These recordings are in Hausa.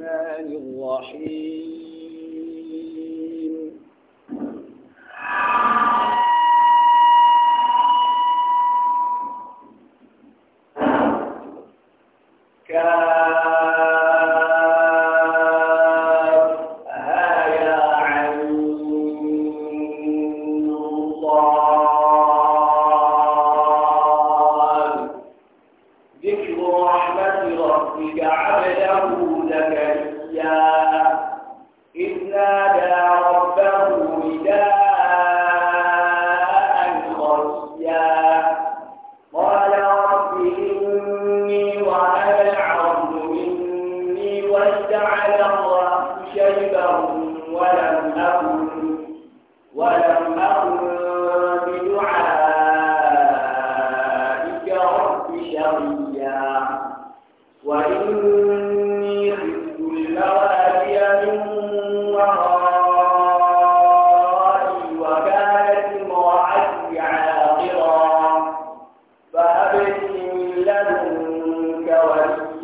الرحمن الرحيم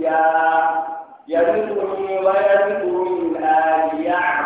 يشاء يرثني ويرث من آل يعقوب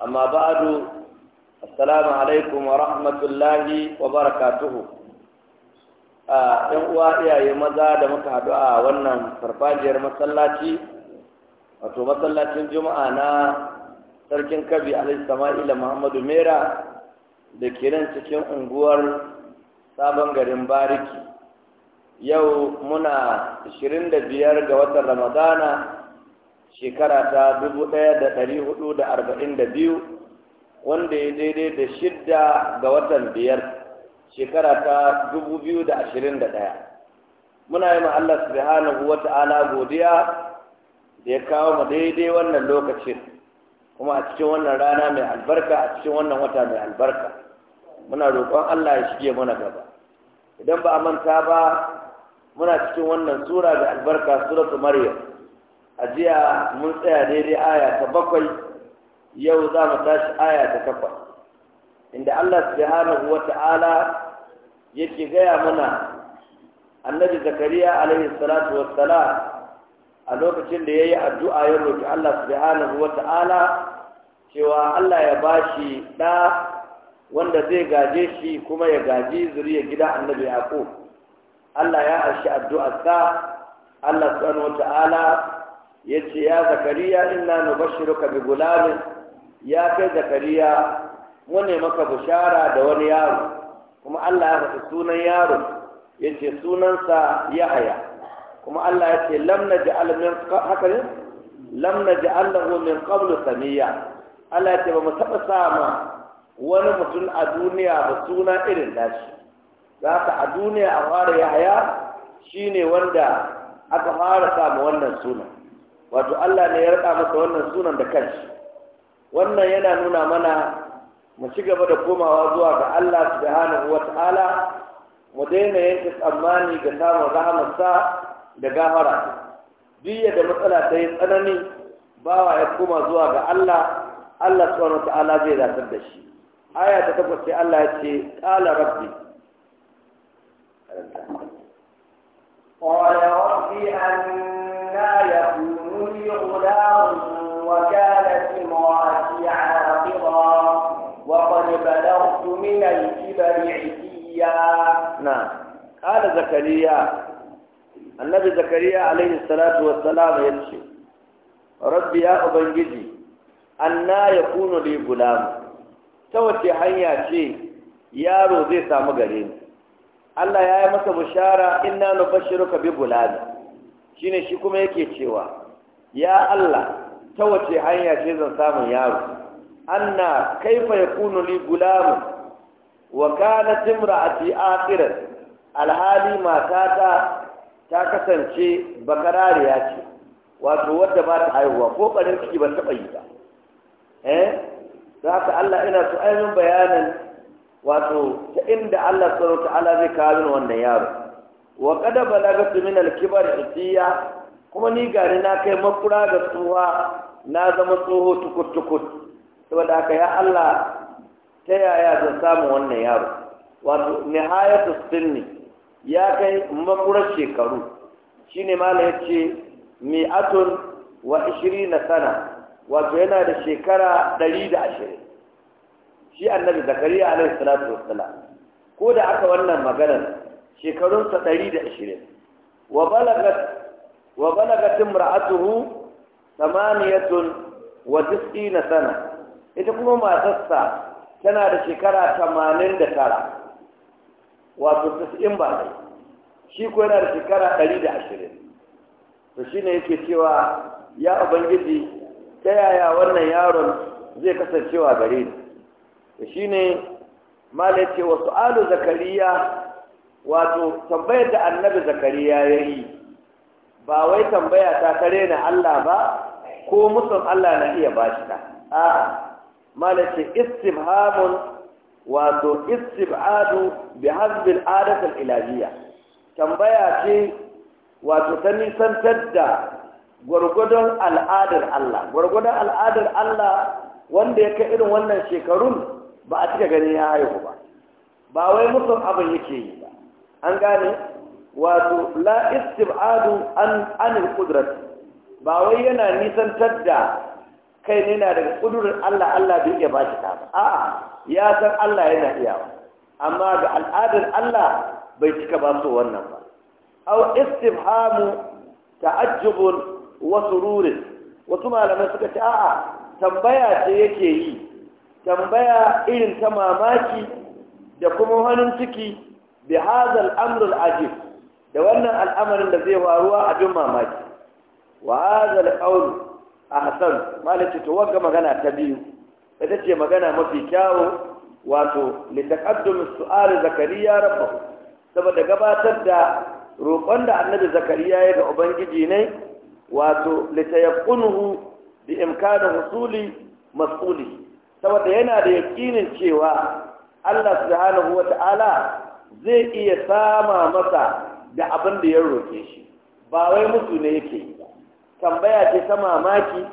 أما بعد السلام عليكم ورحمة الله وبركاته ‘yan uwa iyaye maza da muka haɗu a wannan farfajiyar masallaci wato masallacin juma'a na sarkin kabi alaihissama'ila muhammadu mera da ke nan cikin unguwar sabon garin bariki yau muna 25 ga watan ramadana shekara ta dubu ɗaya da ɗari huɗu da arba'in da biyu wanda ya daidai da shidda ga watan biyar shekara ta dubu biyu da ashirin da ɗaya muna yi ma Allah subhanahu wa ta'ala godiya da ya kawo mu daidai wannan lokacin kuma a cikin wannan rana mai albarka a cikin wannan wata mai albarka muna roƙon Allah ya shige mana gaba idan ba a manta ba muna cikin wannan sura da albarka suratu maryam a jiya mun tsaya daidai aya ta bakwai yau za mu tashi aya ta takwas inda Allah subhanahu wa ta'ala yake gaya mana annabi zakariya alaihi salatu wassalam a lokacin da yayi addu'a ya roki Allah subhanahu ta'ala cewa Allah ya bashi da wanda zai gaje shi kuma ya gaji zuriya gida annabi yaqub Allah ya arshi addu'arsa Allah subhanahu ta'ala yace ya zakariya inna ka bi gulamin ya kai zakariya mu ne maka bushara da wani yaro kuma Allah ya faɗi sunan yaro yace sunansa Yahaya kuma Allah yace ce lamna ji haka ne lam naj'al lahu min qablu samiya Allah yace ba mu taɓa sama wani mutum a duniya ba suna irin nashi za ka a duniya a fara Yahaya shine wanda aka fara sama wannan sunan wato Allah ne ya raɗa masa wannan sunan da kanshi wannan yana nuna mana mu ci gaba da komawa zuwa ga Allah subhanahu wata'ala mu daina yanke tsammani ga samun rahamarsa da Gahara. duk da matsala ta yi tsanani bawa ya koma zuwa ga Allah Allah subhanahu wata'ala zai zatar da shi aya ta takwas sai Allah ya ce qala rabbi قال رب غلام وكانت امرأتي عاقرا وقد بلغت من الكبر عتيا نعم قال زكريا النبي زكريا عليه الصلاة والسلام يمشي ربي يا أبنجي أنا يكون لي غلام توتي حيا شيء yaro zai samu gare ni Allah ya yi masa bushara inna nubashshiruka bi gulami shine shi kuma yake cewa ya Allah ta wace hanya ce zan samu yaro anna kaifa yakunu li gulam wa kanat imra'ati akhirat alhali matata ta kasance bakarariya ce wato wadda ba ta haihuwa ko karin ciki ba taɓa yi ba eh da haka Allah ina so ainihin bayanin wato ta inda Allah subhanahu wa ta'ala zai kawo wannan yaro wa qad balagatu min al-kibar itiya kuma ni gari na kai makura ga tsuwa na zama tsoho tukur-tukur saboda aka ya Allah ta yaya zan samu wannan yaro wato nihayatu sinni ya kai makurar shekaru shine malam ya ce mi'atun wa na sana wato yana da shekara ɗari da ashirin shi annabi zakariya alaihi salatu wassalam ko da aka wannan maganar shekarunsa ɗari da ashirin wa balagat wa mura balagat ya tun wa na sana ita kuma matarsa tana da shekara tamanin da tara wato tis'in ba dai shi ko yana da shekara ɗari da ashirin to shi ne yake cewa ya ubangiji ta yaya wannan yaron zai kasancewa gare ni to shi ne malai ce wasu alu zakariya wato tambayar da annabi zakariya ya yi ba wai tambaya ta kare na Allah ba ko musun Allah na iya ba shi ta a'a malace istibhamun wato istibadu bi hazbil adat al ilahiyya tambaya ce wato ta nisantar da gwargwadon al'adar Allah gwargwadon al'adar Allah wanda ya kai irin wannan shekarun ba a cika gani ya haihu ba ba wai musun abin yake yi ba an gane wato la istibadu an anil kudrat ba wai yana nisantar da kai ne na daga kudurar Allah Allah bai iya bashi ta ba a'a ya san Allah yana iyawa amma ga al'adar Allah bai cika ba su wannan ba aw istibhamu ta'ajjub wa sururin wasu malamai suka ce a'a tambaya ce yake yi tambaya irin ta mamaki da kuma hannun ciki bi hadha al ajib da wannan al'amarin da zai waruwa abin mamaki wa hazal qawl ahsan malaka to magana ta biyu ita ce magana mafi kyawu wato li taqaddum su'al zakariya rabbahu saboda gabatar da roƙon da annabi zakariya ya ga ubangiji ne wato li tayaqqunuhu bi imkani husuli mas'uli saboda yana da yaƙinin cewa Allah subhanahu wata'ala zai iya sama masa da abin da ya roƙe shi ba wai musu ne yake yi ba tambaya ce ta mamaki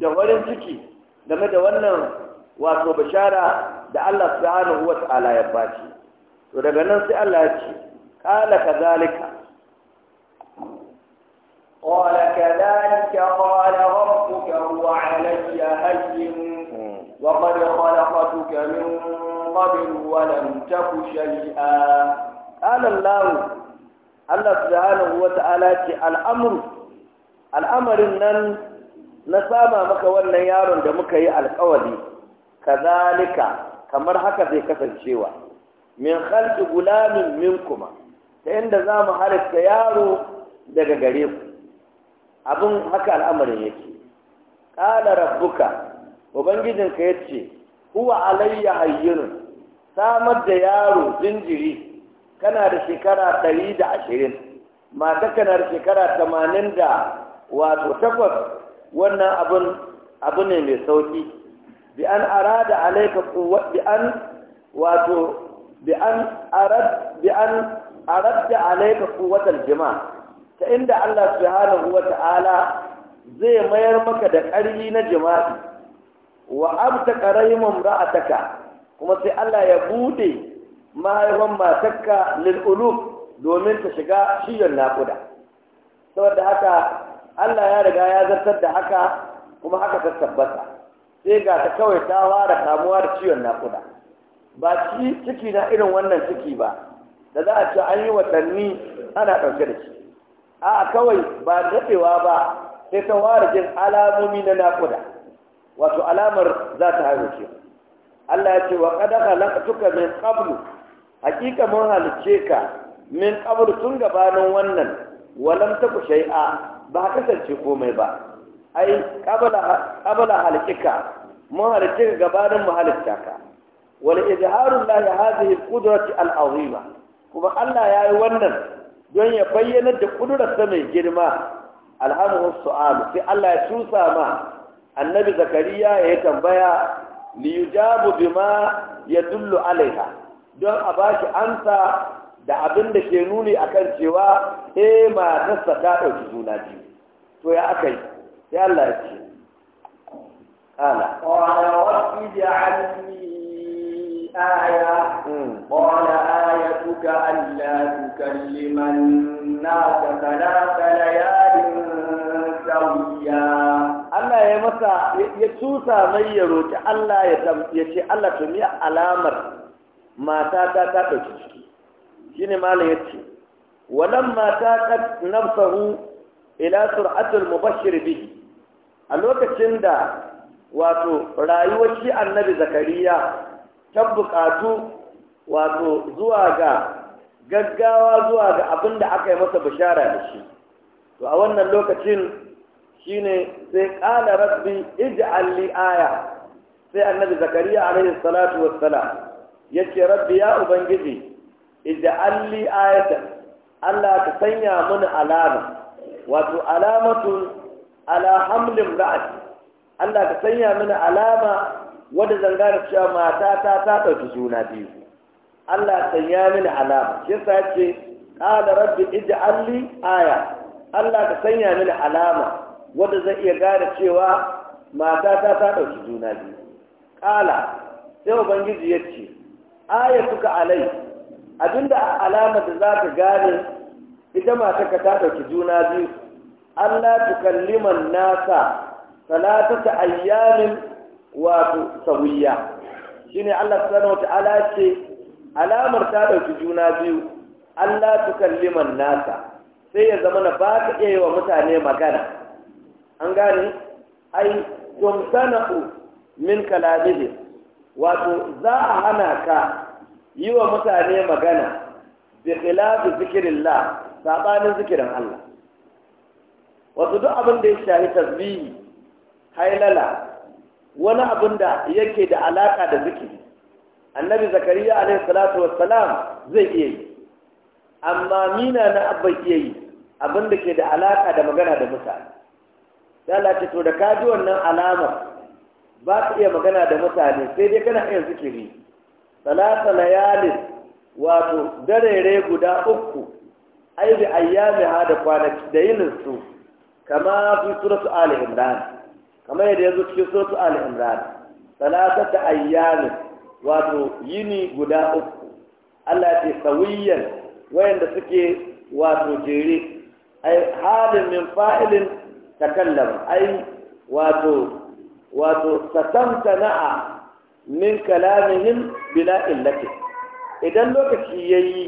da warin ciki game da wannan wato bashara da Allah subhanahu wa ta'ala ya bashi to daga nan sai Allah ya ce qala kadhalika qala kadhalika qala rabbuka huwa alayya hayyun wa qad khalaqtuka min qabl wa lam taku shay'a qala Allah Allah subhanahu wa ta'ala ce al'amuru al'amarin nan na sama maka wannan yaron da muka yi alkawari kazalika kamar haka zai kasancewa min khalqi gulamin kuma, ta inda za mu halitta yaro daga gare ku abin haka al'amarin yake ƙala rabbuka ubangijinka ya ce huwa alayya hayyun samar da yaro zinjiri. kana da shekara ɗari da ashirin mata kana da shekara tamanin da wato takwas wannan abin abu ne mai sauki bi an arada alaika bi an wato bi an arad bi an aradda alaika quwwatal jima ta inda Allah subhanahu ta'ala zai mayar maka da ƙarfi na jima'i wa abta qaraymun ra'ataka kuma sai Allah ya bude mahaifan matakka lil'uluf domin ta shiga shiyar naƙuda saboda haka Allah ya riga ya zartar da haka kuma haka ta tabbata sai ga ta kawai ta fara kamuwa da ciwon naƙuda ba ci ciki na irin wannan ciki ba da za a ce an yi watanni ana ɗauke da shi a kawai ba daɗewa ba sai ta fara jin alamomi na naƙuda wato alamar za ta haihu ce Allah ya ce wa qad khalaqtuka min qablu hakika mun halicce ka min qabl tun gabanin wannan walam taku shay'a ba kasance komai ba ai kabala qabla halqika mun halicce ka gabanin mu halitta ka wal izharu lahi hadhihi al alazima kuma Allah ya yi wannan don ya bayyana da ta mai girma alhamdu su'al sai Allah ya tusa ma annabi zakariya ya tambaya li yujabu bima yadullu alaiha don a ba shi ansa da abin da ke nuni a kan cewa ma matarsa ta ɗauki juna biyu to ya aka yi sai Allah ya ce ala قال رب اجعلني آية قال آيتك ألا تكلم الناس ثلاث ليال Allah ya masa ya tusa mai yaro ta Allah ya ce Allah tuni alamar mata ta ta ɗauki ciki ne malam ya ce walan mata ta nafsahu ila sur'atul mubashir bihi a lokacin da wato rayuwar shi annabi zakariya ta buƙatu wato zuwa ga gaggawa zuwa ga abin da aka yi masa bishara da shi to a wannan lokacin shi ne sai ƙala rabbi ija'alli aya sai annabi zakariya alaihi salatu wassalam ya ce rabbi ya ubangiji alli ayata Allah ka sanya mini alama wato alamatun ala hamlin ra'ati Allah ka sanya mini alama wadda zan gane cewa mata ta ta ɗauki juna biyu Allah sanya mini alama shi yasa ya ce qala rabbi alli aya Allah ka sanya mini alama wadda zan iya gane cewa mata ta ta ɗauki juna biyu qala sai ubangiji ya ce aya suka alai abinda alama da za ka gane ita mata ka ta ɗauki juna biyu Allah tukalliman nasa salatata ayyamin wato sawiya shine Allah subhanahu wata'ala ce alamar ta ɗauki juna biyu Allah tukalliman nasa sai ya zama na ba ka iya yi wa mutane magana an gane ai tumsanu min kalamihim wato za a hana ka yi wa mutane magana bi khilafi zikirillah sabanin zikirin Allah wato duk abin da ya shafi tasbihi hailala wani abin da yake da alaka da zikiri annabi zakariya alaihi salatu wassalam zai iya yi amma mina na abba iya yi abin da ke da alaka da magana da mutane sai Allah to da kaji wannan alamar ba ka iya magana da mutane sai dai kana iya zikiri salata layalin wato darere guda uku ai bi ayyami ha da kwanaki da yin su kama fi suratu ali imran kama yadda yanzu cikin suratu ali imran salata ta ayyami wato yini guda uku Allah ce wayan wayanda suke wato jere ai halin min fa'ilin takallama ai wato wato satamtana'a min kalamihim bila illati idan lokaci yayi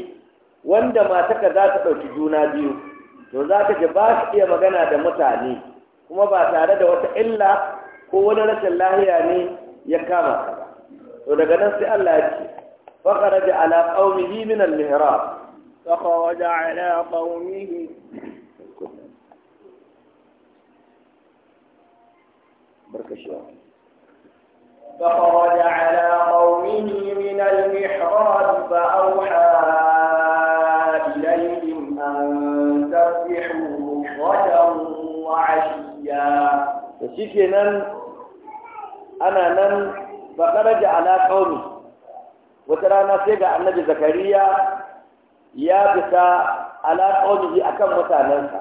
wanda mataka za ta ɗauki juna biyu to za ka ji ba su iya magana da mutane kuma ba tare da wata illa ko wani rashin lahiya ne ya kama ka ba to daga nan sai Allah ya ce فخرج على قومه من المهراب فخرج على قومه بركشوا فخرج على قومه من المحراب فأوحى إليهم أن تسبحوا بكرة وعشيا فشيكي نن أنا نن فخرج على قومه وترانا عن النبي زكريا ya fita ala ƙaunihi akan mutanensa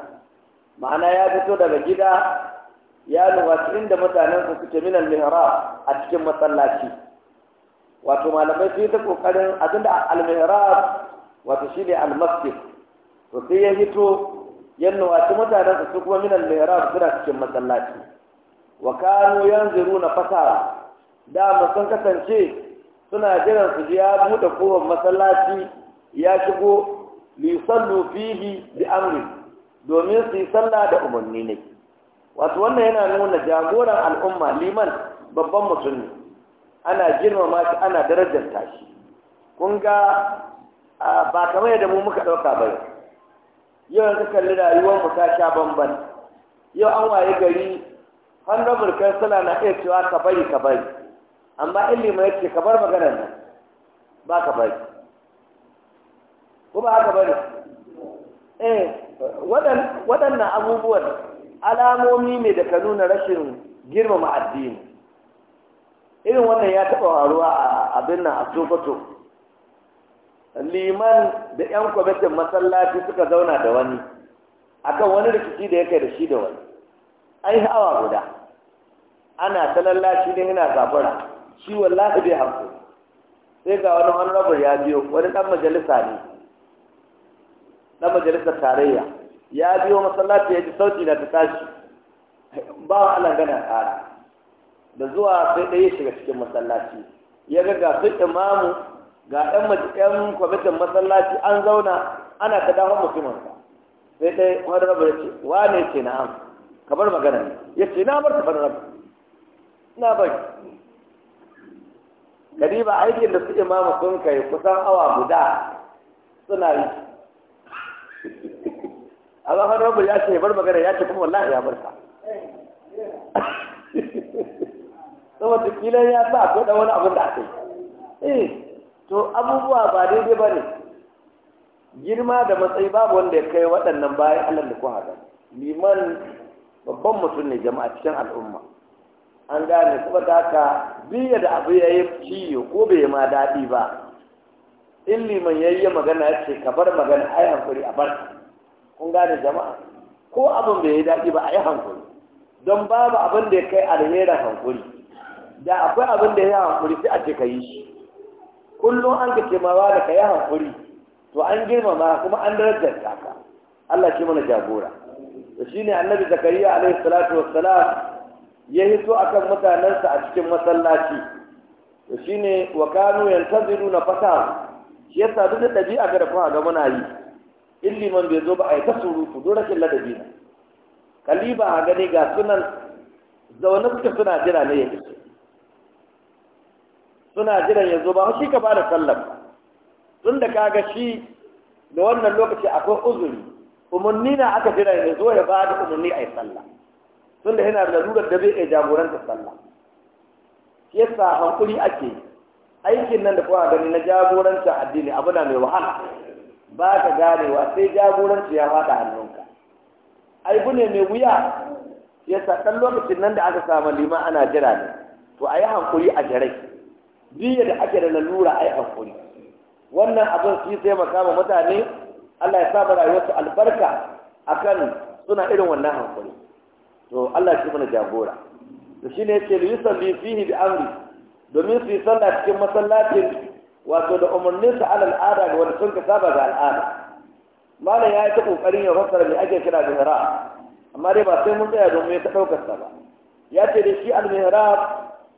ma'ana ya fito daga ya lubaci inda mutanensa suke min mihrab a cikin masallaci wato malamai sun yi ta kokarin abinda al-mihrab wato shine al-masjid to sai ya hito yan nuwaci mutanen su kuma min minal mihrab suna cikin masallaci wa kanu yanzuruna fata da sun kasance suna jiran su ji ya buɗe kowar masallaci ya shigo li sallu fihi bi amri domin su yi sallah da umarni ne wato wannan yana nuna jagoran al'umma liman babban mutum ne ana girmama shi ana darajar shi kun ga ba kamar yadda mu muka ɗauka ba yau yanzu kalli rayuwar mu ta sha bamban yau an waye gari honorable kansila na iya cewa ka bari ka bari amma ilimi ya ce ka bar maganar nan ba ka bari ko ba haka bari eh waɗannan abubuwan alamomi ne da ka nuna rashin girmama addini irin wannan ya taɓa faruwa a abin nan a sokoto liman da 'yan kwamitin masallaci suka zauna da wani akan wani rikici da ya kai da shi da wani ai yi guda ana ta lallashi ne yana zabura shi wallahi bai sai ga wani honorable ya biyo wani ɗan majalisa ne ɗan majalisar tarayya ya biyo masallaci ya ji sauti na ta tashi ba wa Allah gana ƙara da zuwa sai ɗaya shiga cikin masallaci ya ga ga su imamu ga ɗan kwamitin masallaci an zauna ana ta damar mutumin sai ɗaya wani rabu ya ce wa ne ce Ka bar magana ne ya ce na bar ta bar rabu na bar gari ba aikin da su imamu sun kai kusan awa guda suna yi a zafin rabu ya ce bar magana ya ce kuma wallahi ya bar ta saboda kila ya sa a dan wani abin da aka yi eh to abubuwa ba daidai ba ne girma da matsayi babu wanda ya kai waɗannan bayan allah da kuwa liman babban mutum ne jama'a cikin al'umma an gane kuma ta ka biya da abu ya yi ciyo ko bai yi ma daɗi ba in liman ya yi magana ya ce ka bar magana ai hankuri a bar kun gane jama'a ko abin bai yi daɗi ba a yi hankuri don babu abin da ya kai alherin hankuri da akwai abin da ya yi hankuri sai a ce ka yi shi kullum an ka ce mawa da ka yi hankuri to an girmama kuma an darajar taka Allah ke mana jagora da ne annabi zakariya alaihi salatu wassalam ya hito akan mutanensa a cikin masallaci da ne wa kanu yantaziruna fata shi yasa duk da dabi'a ga da kuma ga muna yi in liman bai zo ba a yi ta surutu don rashin ladabi na kaliba a gani ga sunan zaune suka suna jira ne ya suna jiran ya zo ba shi ka bada sallar tun da kaga shi da wannan lokaci akwai uzuri umarni na aka jira ya zo ya bada umarni a yi sallah tun da yana da lalurar da bai iya jagoranta sallah shi yasa hankuri ake aikin nan da kowa gani na jagoranta addini abu na mai wahala ba ka ganewa sai jagoranci ya faɗa hannunka bu ne mai wuya ya ɗan lokacin nan da aka samu liman ana jira ne to a yi hankuri a jarai biya da ake da lalura a yi hankuri wannan abin shi yi taimaka ma mutane allah ya saba rayuwarsu albarka kan suna irin wannan hankuri to allah shi mana jagora to ya ce li bi fihi bi amri domin su yi sallah cikin masallacin wato da umarninsa alal al'ada ga wanda sun ka saba ga al'ada malam ya yi ta kokarin ya fassara me ake kira mihrab amma dai ba sai mun tsaya domin ya ta daukar sa ba ya ce da shi al mihrab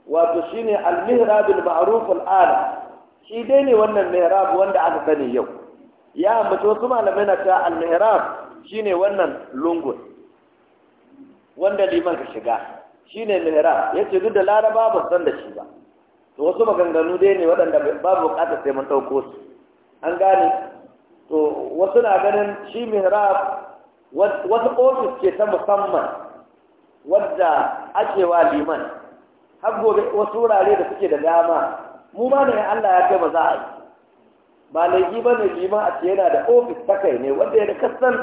wato shine al mihrab al ma'ruf al ala shi dai ne wannan mihrab wanda aka sani yau ya ambaci wasu malamai na ta al mihrab shine wannan lungun wanda liman ka shiga shine mihrab yace duk da laraba ba san da shi ba to wasu maganganu dai ne waɗanda babu buƙatar sai mun ɗauko su an gane to wasu na ganin shi mihrab Wasu ofis ce ta musamman wadda ake wa liman har gobe wasu wurare da suke da dama mu ma ne Allah ya kai ba za a yi ba laifi ba ne liman a ce yana da ofis ta kai ne wanda ya da kasan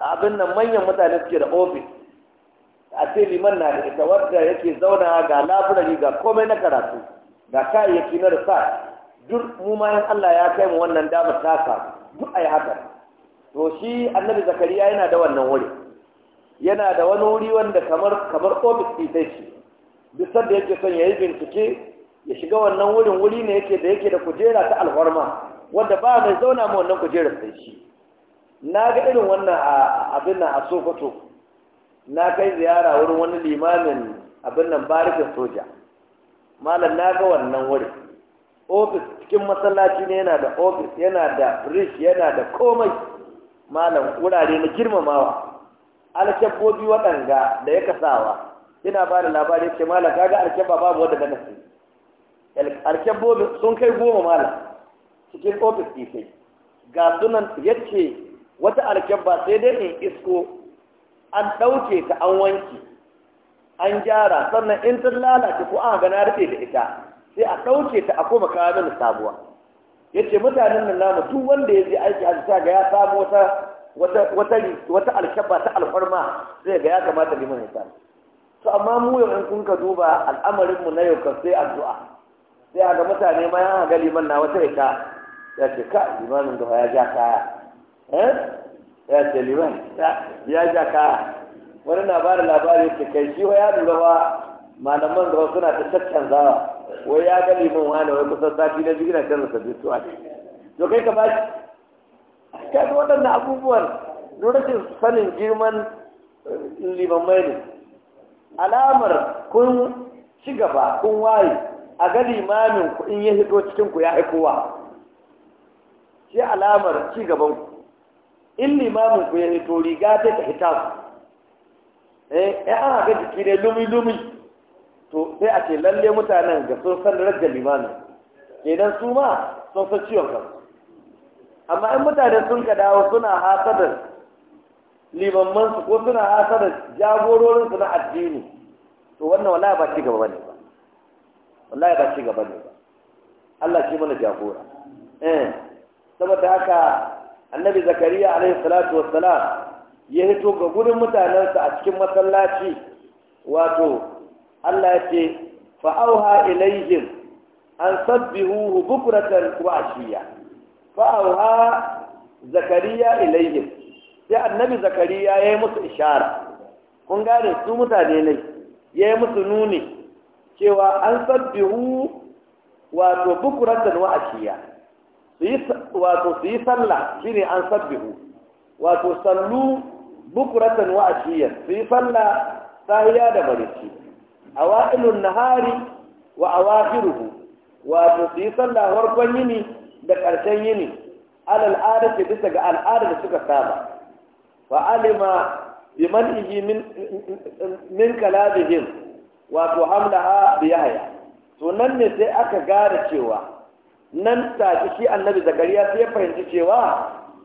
abin nan manyan mutane suke da ofis a ce liman na da ita wadda yake zauna ga labirari ga komai na karatu ga kayayyaki na research duk mu ma in Allah ya kai mu wannan damar ta ka, duk ai haka to shi annabi zakariya yana da wannan wuri yana da wani wuri wanda kamar kamar office sai shi duk sanda yake son yayi bincike ya shiga wannan wurin wuri ne yake da yake da kujera ta alfarma wanda ba mai zauna ma wannan kujera sai shi na ga irin wannan abin nan a sokoto na kai ziyara wurin wani limamin abin nan barikin soja malam na ga wannan wuri. ofis cikin masallaci ne yana da ofis yana da rish yana da komai malam wurare na girmamawa alkyabbobi waɗanga da ya kasawa ina ba da labari ce malam kaga alkyabba babu wadda ga nasi alkyabbobin sun kai goma malam cikin ofis sai. ga sunan yace wata alkyabba sai dai in isko an ɗauke ta an wanki an gyara sannan in ta lalace ko an gana rufe da ita sai a ɗauke ta a koma kawo mini sabuwa ya ce mutanen nan namu duk wanda ya je aiki a ga ya samu wata wata wata alkyabba ta alfarma sai ga ya kamata liman ya samu to amma mu yau in kun ka duba al'amarin mu na yau kan sai addu'a sai a ga mutane ma ya ga liman na wata ita ya ce ka limanin da ya ja kaya eh ya ce liman ya ja kaya wani na ba da labari ke kai shi ya lura ba malaman da suna ta caccan zawa wai ya ga liman wani wai kusan sati na biyu na canza sabbin suwa to kai ka ba shi ka ga waɗannan abubuwan lokacin sanin girman eh, mai ne alamar kun ci gaba kun waye a ga limamin ku in ya hito cikin ku ya aikowa shi alamar ci gaban ku in limamin ku ya hito riga ta ka hita su eh eh ana ga jiki ne lumi lumi to sai a ce lalle mutanen ga sun san darajar limamin idan su ma sun san ciwon kansu amma in mutane sun ka dawo suna hasadar limamman su ko suna hasadar jagororin na addini to wannan wallahi ba ci gaba ne ba wallahi ba ci gaba ne ba Allah shi mana jagora eh saboda haka annabi zakariya alaihi salatu wassalam ya hito ga gurin mutanensa a cikin masallaci wato Allah ya ce fa'auha ilaihim an sabbihuhu bukratan wa ashiya fa'auha zakariya ilaihim sai annabi zakariya ya yi musu ishara kun gane su mutane ne ya yi musu nuni cewa an sabbihu wato bukuratan wa ashiya wato su yi sallah shine an sabbihu wato sallu bukuratan wa ashiyan su yi falla sahiya da barci a wa'ilun nahari wa awahiruhu wato su yi sallah farkon yini da ƙarshen yini al'ada ce bisa ga al'adar da suka saba wa alima bi man'ihi min kalabihim wato hamlaha bi yahya to nan ne sai aka gane cewa nan ta shi annabi zakariya sai ya fahimci cewa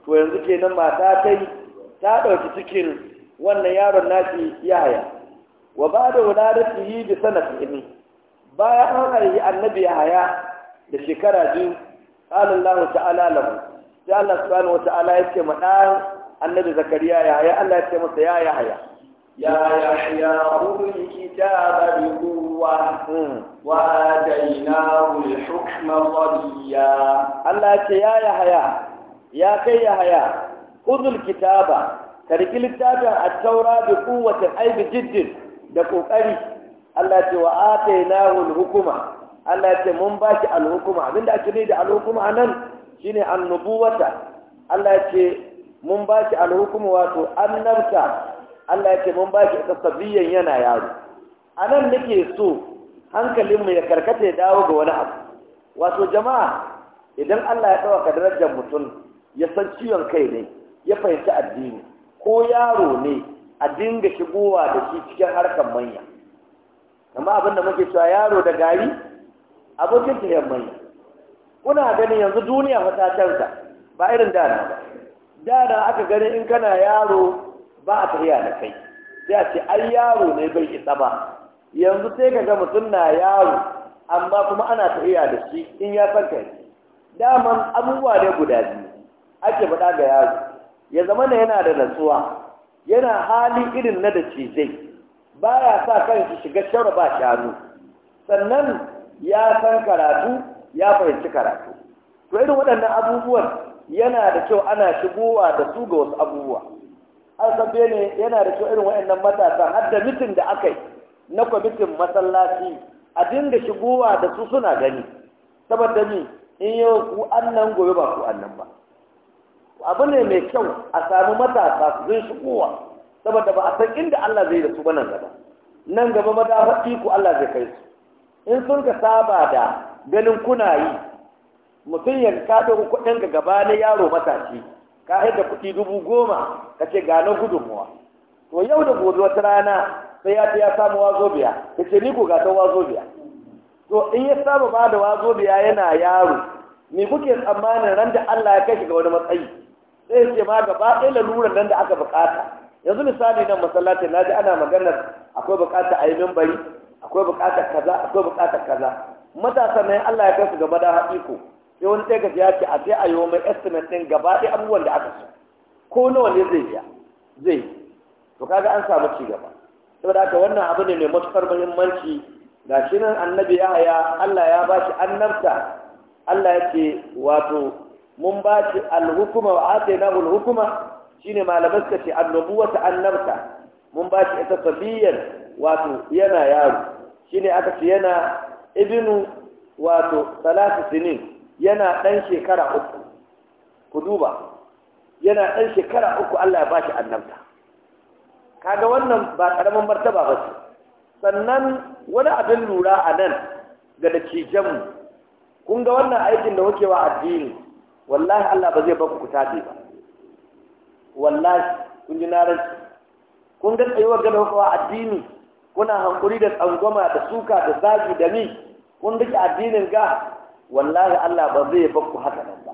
to yanzu kenan mata ta yi ta ɗauki cikin wannan yaron nashi yahaya wa ba da yi bi sanatin bayan an haihi annabi yahaya da shekara biyu qala Allah ta'ala lahu sai Allah subhanahu wata'ala ya ce ma dan annabi zakariya yahaya Allah ya ce masa ya yahaya ya yahya khudh kitaba bi quwwa hmm. wa atainahu al-hukma qadiya Allah ya ce ya yahaya ya kai yahaya kudul kitaba karki littafin at-taura bi quwwati aibi jiddin da kokari Allah ce wa atainahu al-hukuma Allah ce mun baki al-hukuma abinda ake ne da al-hukuma nan shine annubuwata Allah ce mun baki al-hukuma wato annabta Allah ce mun baki ita sabiyan yana yaro anan nake so hankalinmu ya karkata ya dawo ga wani abu wato jama'a idan Allah ya dauka darajar mutum ya san ciwon kai ne ya fahimci addini ko yaro ne a dinga shigowa da shi cikin harkar manya amma abin da muke cewa yaro da gari abokin tafiyar manya kuna ganin yanzu duniya fata canza ba irin dana ba dana aka gani in kana yaro ba a tafiya da kai sai a ce ai yaro ne bai isa ba yanzu sai ka ga mutum na yaro amma kuma ana tafiya da shi in ya san kai daman abubuwa ne guda biyu ake faɗa ga yaro ya zama da yana da natsuwa yana hali irin na da cizai ba ya sa kan kanshi shiga shara ba shanu sannan ya san karatu ya fahimci karatu to irin waɗannan abubuwan yana da kyau ana shigowa da su ga wasu abubuwa an san ne yana da kyau irin waɗannan matasa har da mitin da aka yi na kwamitin masallaci a dinga shigowa da su suna gani saboda ni in yau ku annan gobe ba ku annan ba abu ne mai kyau a sami matasa su zai su kowa saboda ba a san inda Allah zai da su ba nan gaba nan gaba madafa ku, Allah zai kai su in sun ka saba da ganin kuna yi mutum ya ka kuɗin ka gaba na yaro matashi ka haɗa kuɗi dubu goma ka ce ga gudunmuwa to yau da gobe wata rana sai ya ya samu wazo biya ka ce ni ko ga ta wazo biya to in ya saba ba da wazo biya yana yaro me kuke tsammanin ran da Allah ya kai shi ga wani matsayi sai ce ma gaba ɗaya lalurar nan da aka bukata yanzu misali nan masallaci na ji ana maganar akwai bukata a yi mimbari akwai buƙatar kaza akwai bukatar kaza Allah ya kai su gaba da iko sai wani ɗaya gaji ya ce a sai a yi mai estimate ɗin gaba ɗaya abubuwan da aka so ko nawa ne zai biya zai to kaga an samu ci gaba saboda haka wannan abu ne mai matukar muhimmanci ga shi nan annabi ya haya Allah ya ba shi annabta Allah ya ce wato mun ba shi alhukuma wa atainahu alhukuma ne malamai suka ce wata annabta mun ba shi ita sabiyyar wato yana yaro Shi ne aka ce yana ibnu wato salatu sinin yana ɗan shekara uku ku duba yana ɗan shekara uku Allah ya ba shi annabta kaga wannan ba karaman martaba ba ce sannan wani abin lura a nan ga da cijanmu kun ga wannan aikin da muke wa addini wallahi Allah ba zai ba ku tabe ba wallahi kun ji na rashi kun ga tsayuwar gada addini kuna hankuri da tsangwama da suka da zafi da ni kun rike addinin ga wallahi Allah ba zai ba ku haka nan ba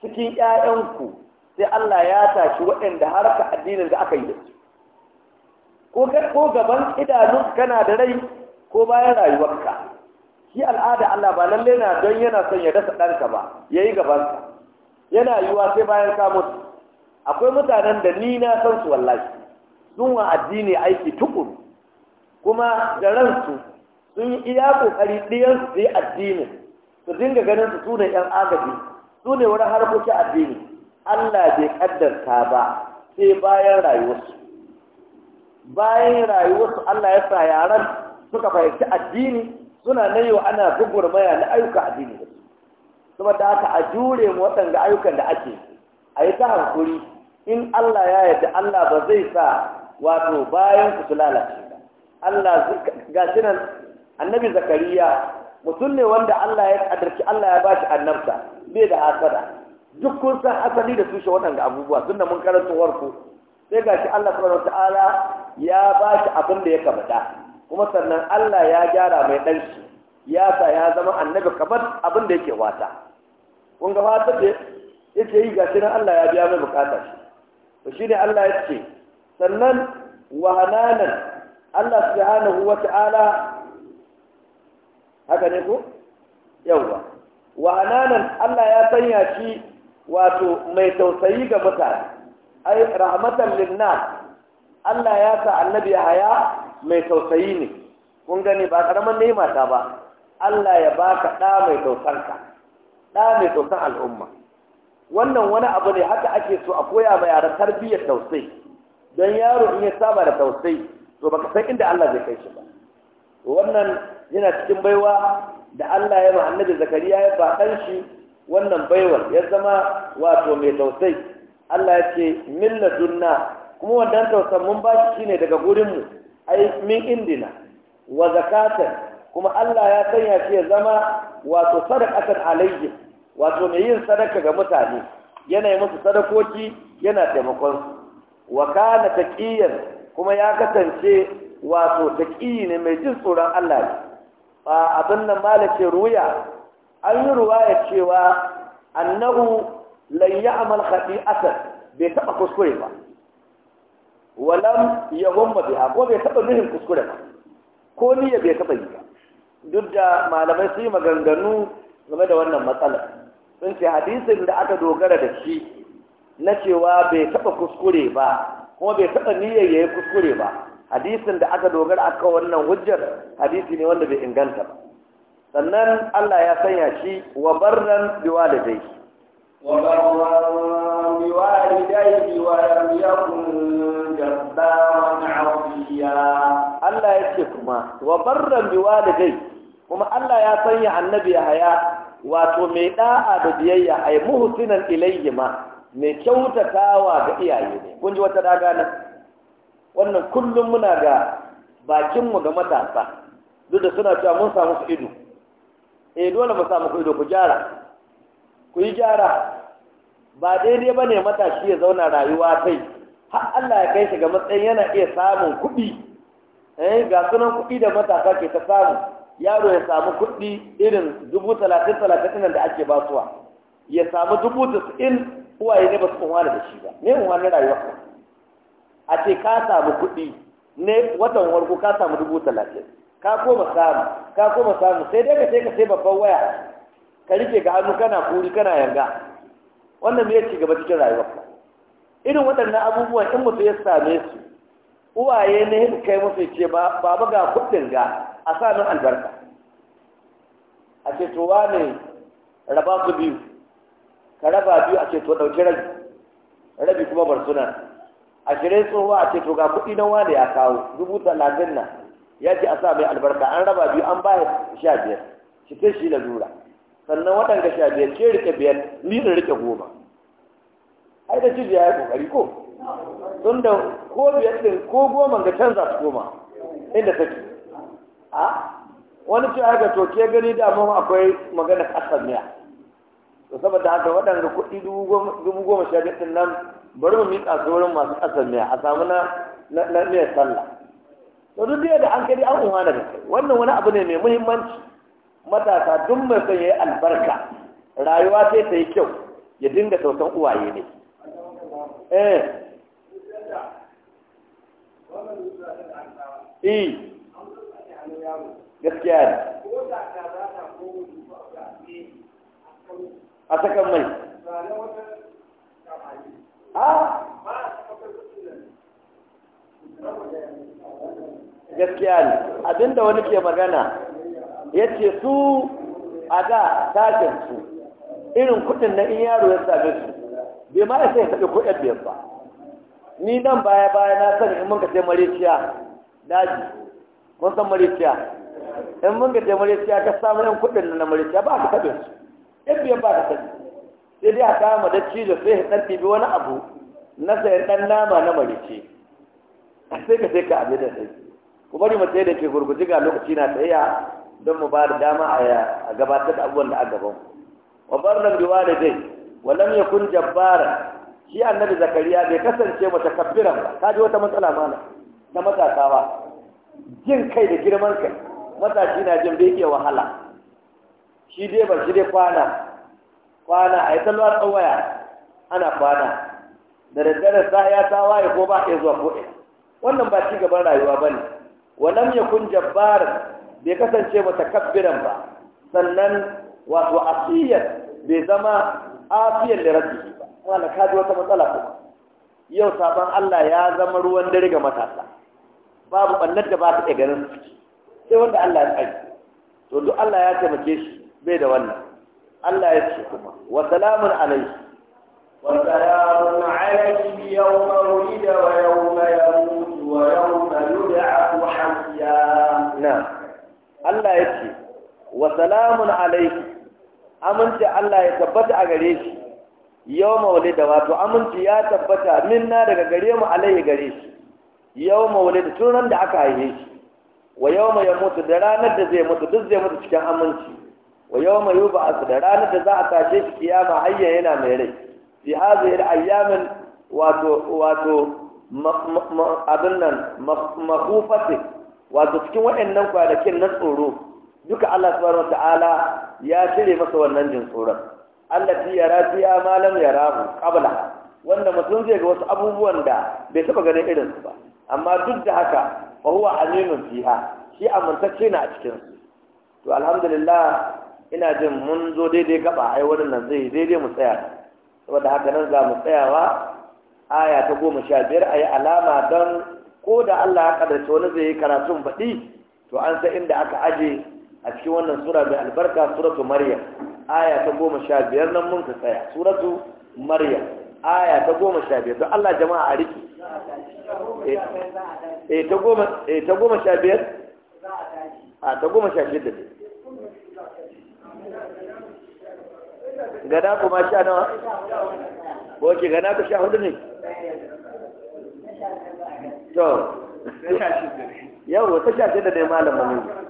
cikin ƴaƴanku sai Allah ya tashi waɗanda harka addinin da aka yi da su ko ko gaban idanu kana da rai ko bayan rayuwarka shi al'ada Allah ba lalle na don yana son ya dasa ɗanka ba yayi gabansa yana yiwa sai bayan ka mutu akwai mutanen da ni na san su wallahi sun wa addini aiki tukuru kuma da ransu sun yi iya kokari diyan su yi addini su dinga ganin su su ne ‘yan agaji su ne wani harkokin addini Allah bai kaddarta ba sai bayan rayuwarsu bayan rayuwarsu Allah ya sa yaran suka fahimci addini suna nayo ana gugurmaya na ayyuka addini da saboda haka a jure mu waɗanda ayyukan da ake a yi ta hankuri in Allah ya yarda Allah ba zai sa wato bayan ku su lalace Allah ga shi nan annabi zakariya mutum ne wanda Allah ya kadarci Allah ya bashi annabta bai da hasada duk kun san asali da tushe waɗanda abubuwa da mun karanta warko sai ga shi Allah subhanahu ta'ala ya bashi abin da ya kamata kuma sannan Allah ya gyara mai ɗanshi ya sa ya zama annabi kamar abin da yake wata kun ga fatar da yake yi ga nan Allah ya biya mai bukata shi to shine Allah ya ce sannan wa hananan Allah subhanahu wa ta'ala haka ne ko yawwa wa hananan Allah ya sanya shi wato mai tausayi ga mutane ai rahmatan linnas Allah ya sa annabi haya mai tausayi ne kun gani ba karaman ne ta ba Allah ya baka ɗa mai tausanka ɗa mai tausan al'umma wannan wani abu ne haka ake so a koya ma yara tarbiyyar tausayi don yaro in ya saba da tausayi to baka san inda Allah zai kai shi ba wannan yana cikin baiwa da Allah ya ma annabi Zakariya ya ba ɗan shi wannan baiwar ya zama wato mai tausayi Allah ya ce min dunna. kuma wannan tausan mun shi shine daga gurin mu ai min indina wa zakatan kuma Allah ya sanya shi ya zama wato sadaqatan alayhi wato mai yin sadaka ga mutane yana musu sadakoki yana taimakon su wa kana taqiyan kuma ya kasance wato taqiyi ne mai jin tsoron Allah ne ba abin nan malace ruya an yi ruwaya cewa annahu lan ya'mal khati'ata bai taba kuskure ba walam yahumma biha ko bai taba yin kuskure ba ko niyya bai taba yi ba duk da malamai su yi maganganu game da wannan matsalar sun ce hadisin da aka dogara da shi na cewa bai taɓa kuskure ba kuma bai taɓa niyyar ya yi kuskure ba hadisin da aka dogara aka wannan hujjar hadisi ne wanda bai inganta ba sannan Allah ya sanya shi wa barran biwalidai wa barran biwalidai wa lam yakun jabbaran asiya Allah ya ce kuma wa barran biwalidai kuma Allah ya sanya annabi Yahaya wato mai da'a da biyayya ai muhsinan ilayhima mai kyautatawa ga iyaye ne kun ji wata daga nan wannan kullum muna ga bakinmu ga matasa duk da suna cewa mun samu su ido eh dole mu samu ku ido ku gyara ku yi gyara ba daidai ba ne matashi ya zauna rayuwa sai. har Allah ya kai shi ga matsayin yana iya samun kuɗi eh ga sunan kuɗi da matasa ke ta samu yaro ya samu kuɗi irin dubu talatin talatin da ake basuwa ya samu dubu tasa'in uwaye ne ba su kuma da shi ba ne kuma na rayuwa a ce ka samu kuɗi ne watan warko ka samu dubu talatin ka koma samu ka koma samu sai dai ka sai ka sai babban waya ka rike ga hannu kana kuri kana yanga wannan me ya ci gaba cikin rayuwarka irin waɗannan abubuwan in mutum ya same su uwaye ne hin kai musu ce ba baba ga kudin ga a sa albarka a ce to wane raba su biyu ka raba biyu a ce to dauki rabi rabi kuma bar suna ashirin tsohuwa a ce to ga kudi na wane ya kawo dubu talatin na ya ce a sa mai albarka an raba biyu an ba sha biyar shi ta shi lalura sannan waɗanda sha biyar ke rike biyar ni da rike goma ai da cibiya ya kokari ko tun da ko biyar ɗin ko goma ga canza su goma inda take a wani ce aka to ke gani da mun akwai magana kasar miya to saboda haka waɗanda kuɗi dubu goma sha biyar ɗin nan bari mu miƙa sauran masu kasar miya a samu na na miyar sallah to duk da an kai an uwa da kai wannan wani abu ne mai muhimmanci matasa duk mai son yayi albarka rayuwa sai ta yi kyau ya dinga tausan uwaye ne eh Eh. gaskiya ne a ah. gaskiya abinda wani ke magana ya ce su a da tashin su irin kudin na in yaro ya same su bai ma ya sai ya taɓi biyar ba ni nan baya baya na sani in mun ka sai mariciya daji kun san mariciya in mun ka sai mariciya ka samu yan kudin na mariciya ba ka taɓe su yan biyan ba ka taɓe sai dai a kama da cizo sai ya ɗan wani abu na sai ɗan nama na marici sai ka sai ka abin da sai ku bari mu sai da ke gurguji ga lokaci na tsaya don mu ba da dama a gabatar da abubuwan da a gaban wa barnan biwa da dai wa lam yakun jabbara shi annabi zakariya bai kasance mutakabbiran ba Ta ji wata matsala mana na matasa ba jin kai da girman kai matashi na jin bai iya wahala shi dai ba shi dai kwana kwana a yi talwa tsawaya ana kwana da daddare sa ya ta waye ko ba ya zuwa ko'ina wannan ba ci gaban rayuwa ba ne walam ya kun jabbarin bai kasance mutakabbiran ba sannan wato asiyar bai zama afiyar da rasu wala ka ji wata matsala kuma yau sabon Allah ya zama ruwan dare ga matasa babu ɓannar da ba ta iya ganin sai wanda Allah ya tsaye to duk Allah ya taimake shi bai da wannan Allah ya ce kuma wa salamun alaihi wa salamun alaihi yawma wulida wa yawma yamut wa yawma a hayya na Allah ya ce wa salamun alaihi amince Allah ya tabbata a gare shi yau maulid da wato aminci ya tabbata minna daga gare mu alaihi gare shi yau maulid tunan da aka haife shi wa yau mai ya mutu da ranar da zai mutu duk zai mutu cikin aminci wa yau mai yuba a da ranar da za a tashe shi kiyama hayya yana mai rai fi hazi da ayyamin wato wato abin nan makufati wato cikin waɗannan kwanakin na tsoro duka Allah subhanahu wa ta'ala ya shirya masa wannan jin tsoron allati yara fiya ma ya yarahu qabla wanda mutum zai ga wasu abubuwan da bai saba ganin irin su ba amma duk da haka fa huwa aminun fiha shi amintacce na a cikin su to alhamdulillah ina jin mun zo daidai gaba ai wannan zai daidai mu tsaya saboda haka nan za mu tsayawa aya ta goma sha biyar a yi alama don ko da Allah ya kadarci wani zai yi karatun baɗi to an san inda aka aje a cikin wannan sura mai albarka suratu maryam aya ta goma sha biyar nan mun ka tsaya suratu maryam aya ta goma sha biyar don allah jama'a a riki E eh, eh, eh, ta goma sha biyar a ta goma sha da ne gada kuma sha nawa wace gada ka sha hudu ne to yau ta sha shida ne malam malam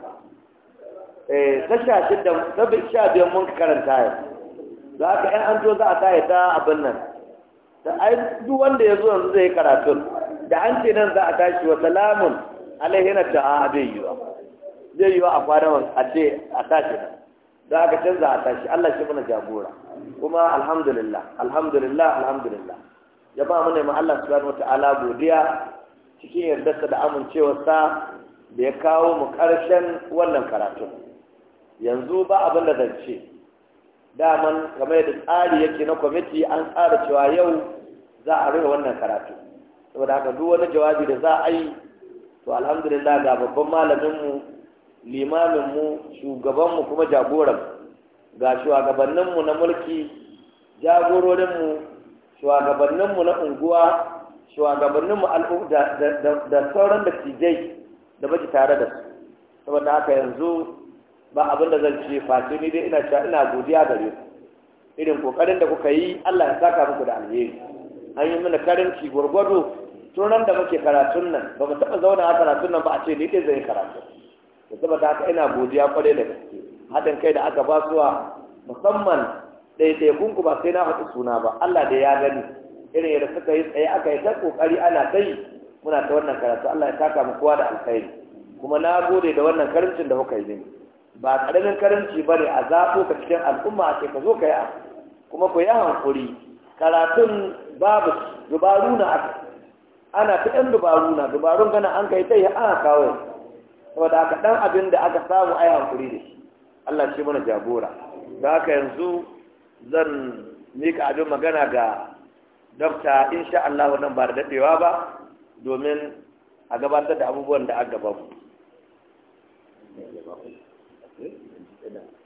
ta eh, sha shidda ta sha biyan mun karanta ya za ka yan an zo za a taya ta abin nan da ai duk wanda ya zo yanzu zai karatun da an ce nan za a tashi wa salamun alaihina ta'a bai yiwa zai yiwa a kwanan a ce a tashi nan da aka canza a tashi Allah shi mana jagora kuma alhamdulillah alhamdulillah alhamdulillah ya ba mu ne ma Allah subhanahu wataala godiya cikin yardarsa da amincewarsa da ya kawo mu karshen wannan karatun yanzu ba abin da zance daman game da tsari yake na kwamiti an tsara cewa yau za a rufe wannan karatu saboda haka duk wani jawabi da za a yi to alhamdulillah ga babban malaminmu limaminmu shugabanmu kuma jagoran ga shugabanninmu na mulki jagororinmu shugabanninmu na unguwa shugabanninmu da sauran da da baki tare da su saboda haka yanzu ba abin da zan ce face ni dai ina cewa ina godiya gare ku irin kokarin da kuka yi Allah ya saka muku da alheri an yi mana karanci gwargwado tunan da muke karatun nan ba mu taɓa zauna a karatun nan ba a ce ni dai yi karatu da saboda haka ina godiya kwarai da gaske haɗin kai da aka ba suwa musamman ɗaiɗaikun ku ba sai na faɗi suna ba Allah da ya gani irin yadda suka yi tsaye aka yi ta kokari ana ta yi muna ta wannan karatu Allah ya saka mu kowa da alkhairi kuma na gode da wannan karancin da kuka yi mini ba ƙaramin karanci ba ne a zaɓo ka cikin al'umma a ka zo ka yi kuma ku yi hankuri karatun babu dubaru na aka ana ta ɗan dubaru na dubarun gana an kai ta yi ana kawai saboda aka ɗan abin da aka samu a yi hankuri da shi Allah shi mana jagora da haka yanzu zan mika abin magana ga dokta insha Allah nan ba da daɗewa ba domin a gabatar da abubuwan da aka gaba eh